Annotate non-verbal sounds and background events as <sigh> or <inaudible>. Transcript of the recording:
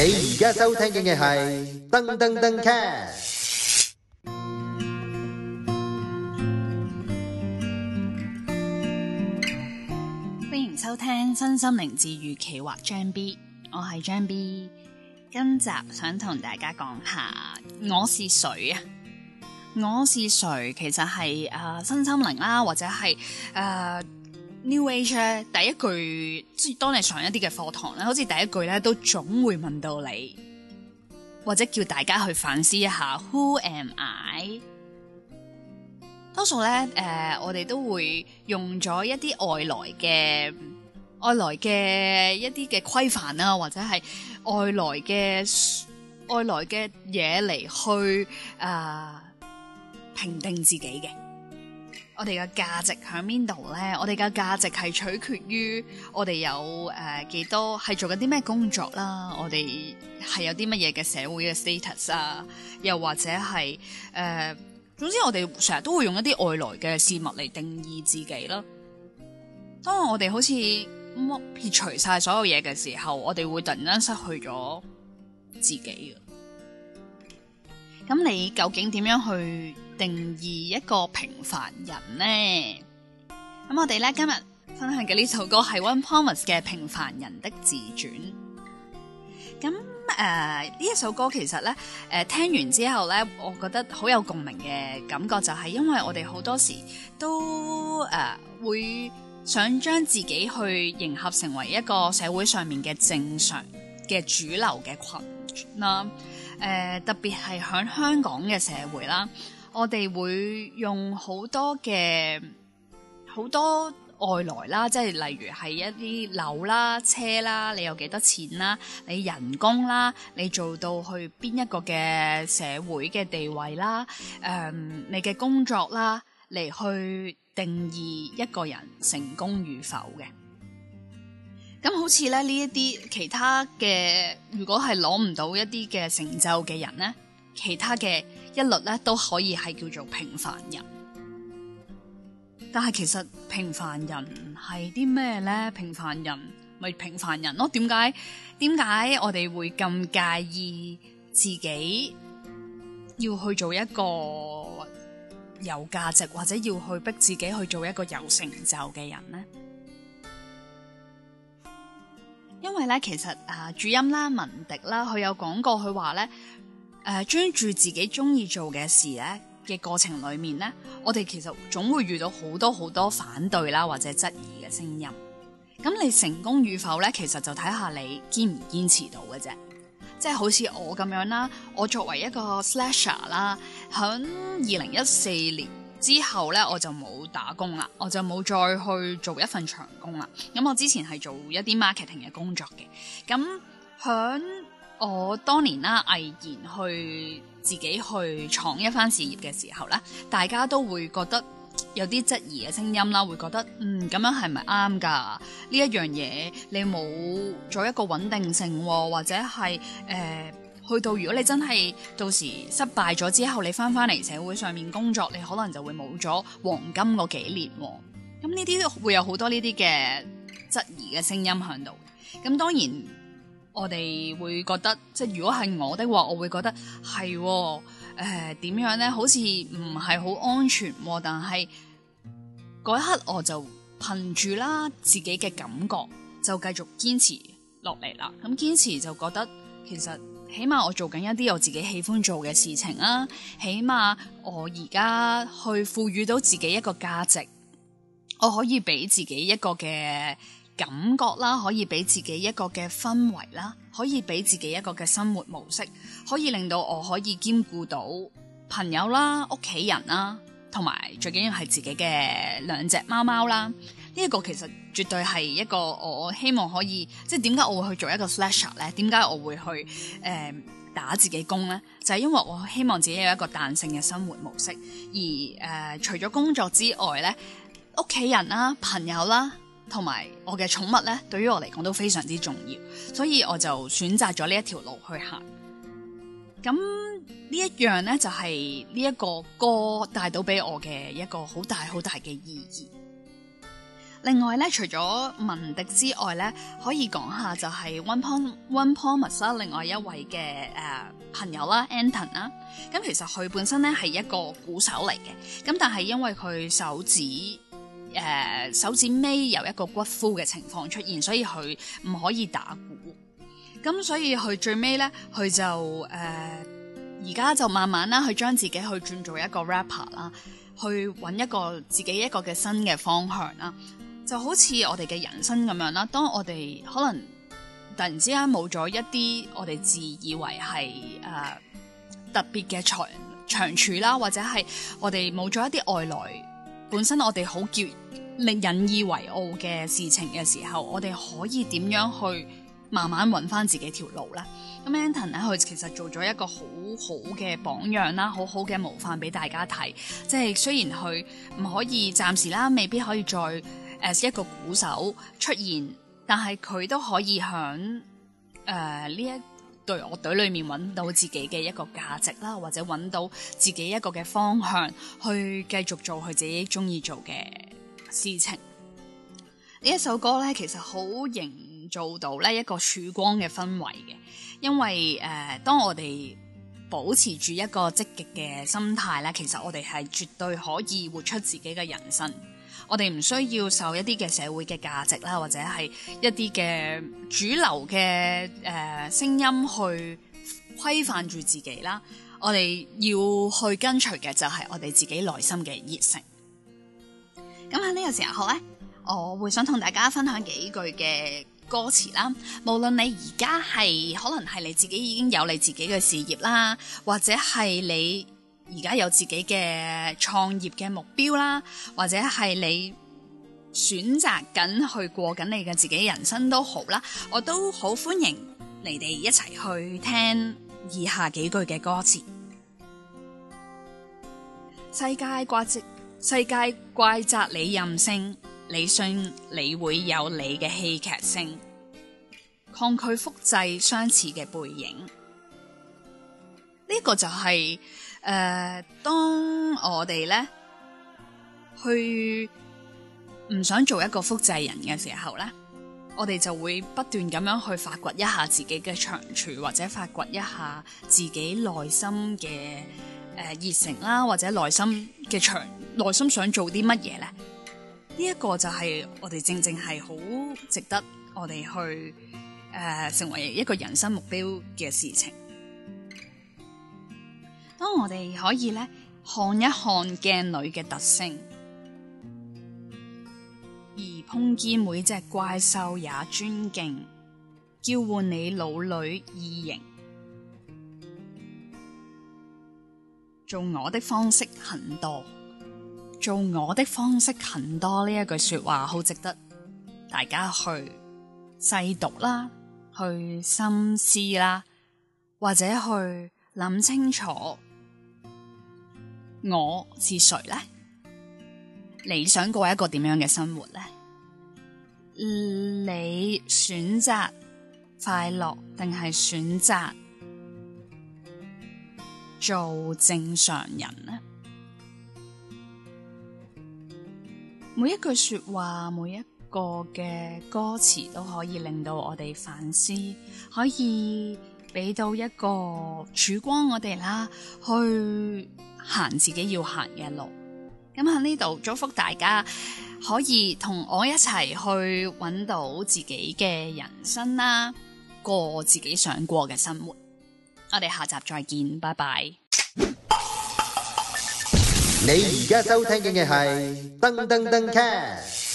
你而家收聽嘅係噔噔噔 cast 歡迎收聽身心靈治愈奇畫張 B，我係張 B，今集想同大家講下我是誰啊？我是誰？其實係誒、呃、身心靈啦，或者係誒。呃 New age 第一句即係當你上一啲嘅課堂咧，好似第一句咧，都總會問到你，或者叫大家去反思一下 Who am I？多數咧，誒、呃，我哋都會用咗一啲外來嘅外來嘅一啲嘅規範啊，或者係外來嘅外來嘅嘢嚟去誒、呃、評定自己嘅。我哋嘅價值喺邊度咧？我哋嘅價值係取決於我哋有誒幾、呃、多係做緊啲咩工作啦。我哋係有啲乜嘢嘅社會嘅 status 啊，又或者係誒、呃，總之我哋成日都會用一啲外來嘅事物嚟定義自己啦。當我哋好似剝撇除晒所有嘢嘅時候，我哋會突然間失去咗自己嘅。咁你究竟點樣去？定義一個平凡人呢？咁我哋咧，今日分享嘅呢首歌係 One Promise 嘅《平凡人的自傳》。咁誒、呢、呃、一首歌其實呢，誒、呃、聽完之後呢，我覺得好有共鳴嘅感覺，就係因為我哋好多時都誒、呃、會想將自己去迎合成為一個社會上面嘅正常嘅主流嘅群啦。誒、呃，特別係響香港嘅社會啦。我哋會用好多嘅，好多外來啦，即係例如係一啲樓啦、車啦，你有幾多錢啦，你人工啦，你做到去邊一個嘅社會嘅地位啦，誒、呃，你嘅工作啦，嚟去定義一個人成功與否嘅。咁好似咧呢一啲其他嘅，如果係攞唔到一啲嘅成就嘅人咧，其他嘅一律咧都可以係叫做平凡人，但係其實平凡人係啲咩咧？平凡人咪平凡人咯？點解？點解我哋會咁介意自己要去做一個有價值，或者要去逼自己去做一個有成就嘅人呢？因為咧，其實啊，主音啦，文迪啦，佢有講過佢話咧。誒專注自己中意做嘅事咧嘅過程裏面咧，我哋其實總會遇到好多好多反對啦或者質疑嘅聲音。咁你成功與否咧，其實就睇下你堅唔堅持到嘅啫。即係好似我咁樣啦，我作為一個 slasher 啦，喺二零一四年之後咧，我就冇打工啦，我就冇再去做一份長工啦。咁我之前係做一啲 marketing 嘅工作嘅，咁響。我當年啦，毅然去自己去闖一番事業嘅時候咧，大家都會覺得有啲質疑嘅聲音啦，會覺得嗯，咁樣係咪啱㗎？呢一樣嘢你冇咗一個穩定性，哦，或者係誒、呃、去到如果你真係到時失敗咗之後，你翻翻嚟社會上面工作，你可能就會冇咗黃金嗰幾年，哦。咁呢啲會有好多呢啲嘅質疑嘅聲音喺度。咁、嗯、當然。我哋會覺得，即係如果係我的話，我會覺得係，誒，哦呃，點樣咧？好似唔係好安全，哦，但係嗰一刻我就憑住啦自己嘅感覺，就繼續堅持落嚟啦。咁堅持就覺得，其實起碼我做緊一啲我自己喜歡做嘅事情啦，起碼我而家去賦予到自己一個價值，我可以俾自己一個嘅感覺啦，可以俾自己一個嘅氛圍啦，可以俾自己一個嘅生活模式，可以令到我可以兼顧到朋友啦、屋企人啦，同埋最緊要係自己嘅兩隻貓貓啦。呢、這、一個其實絕對係一個我希望可以，即係點解我會去做一個 Slasher 咧？點解我會去、呃、打自己工呢？就係、是、因為我希望自己有一個彈性嘅生活模式，而、呃、除咗工作之外呢，屋企人啦、啊、朋友啦、啊。同埋我嘅寵物咧，對於我嚟講都非常之重要，所以我就選擇咗呢一條路去行。咁呢一樣咧，就係、是、呢一個歌帶到俾我嘅一個好大好大嘅意義。另外咧，除咗文迪之外咧，可以講下就係 One Point One Promise 啦、啊，另外一位嘅誒、呃、朋友啦，Anton 啦、啊。咁其實佢本身咧係一個鼓手嚟嘅，咁但係因為佢手指。呃、手指尾有一個骨枯嘅情況出現，所以佢唔可以打鼓。咁所以佢最尾咧，佢就誒而家就慢慢啦，去將自己去轉做一個 rapper 啦，去搵一個自己一個嘅新嘅方向啦。就好似我哋嘅人生咁樣啦，當我哋可能突然之間冇咗一啲我哋自以為係誒、呃、特別嘅長長處啦，或者係我哋冇咗一啲外來本身我哋好叫引以為傲嘅事情嘅時候，我哋可以點樣去慢慢揾翻自己條路咧？咁 Anton 咧，佢其實做咗一個好好嘅榜樣啦，好好嘅模範俾大家睇。即係雖然佢唔可以暫時啦，未必可以再 as 一個鼓手出現，但係佢都可以響誒呢一，對樂隊裏面揾到自己嘅一個價值啦，或者揾到自己一個嘅方向，去繼續做佢自己中意做嘅事情。呢 <laughs> 一首歌呢，其實好營造到呢一個曙光嘅氛圍嘅，因為誒、呃，當我哋保持住一個積極嘅心態呢，其實我哋係絕對可以活出自己嘅人生。我哋唔需要受一啲嘅社會嘅價值啦，或者係一啲嘅主流嘅誒聲音去規範住自己啦。我哋要去跟隨嘅就係我哋自己內心嘅熱誠。咁喺呢個時候咧，我會想同大家分享幾句嘅歌詞啦。無論你而家係可能係你自己已經有你自己嘅事業啦，或者係你而家有自己嘅創業嘅目標啦，或者係你選擇緊去過緊你嘅自己人生都好啦，我都好歡迎你哋一齊去聽以下幾句嘅歌詞。世界怪責，世界怪責你任性，你信你會有你嘅戲劇性，抗拒複製相似嘅背影。呢、這個就係、是。誒、呃，當我哋咧去唔想做一個複製人嘅時候咧，我哋就會不斷咁樣去發掘一下自己嘅長處，或者發掘一下自己內心嘅誒熱誠啦，或者內心嘅長，內心想做啲乜嘢咧？呢、這、一個就係我哋正正係好值得我哋去誒、呃、成為一個人生目標嘅事情。當我哋可以咧，看一看鏡裏嘅特性，而碰見每隻怪獸也尊敬，叫喚你老女異形，做我的方式很多，做我的方式很多。呢一句說話好值得大家去細讀啦，去深思啦，或者去諗清楚。我是誰呢？你想過一個點樣嘅生活呢？你選擇快樂，定係選擇做正常人呢？每一句說話，每一個嘅歌詞，都可以令到我哋反思，可以俾到一個曙光我哋啦，去。行自己要行嘅路，咁喺呢度祝福大家可以同我一齊去揾到自己嘅人生啦，過自己想過嘅生活。我哋下集再見，拜拜。你而家收聽嘅係噔噔噔 cast。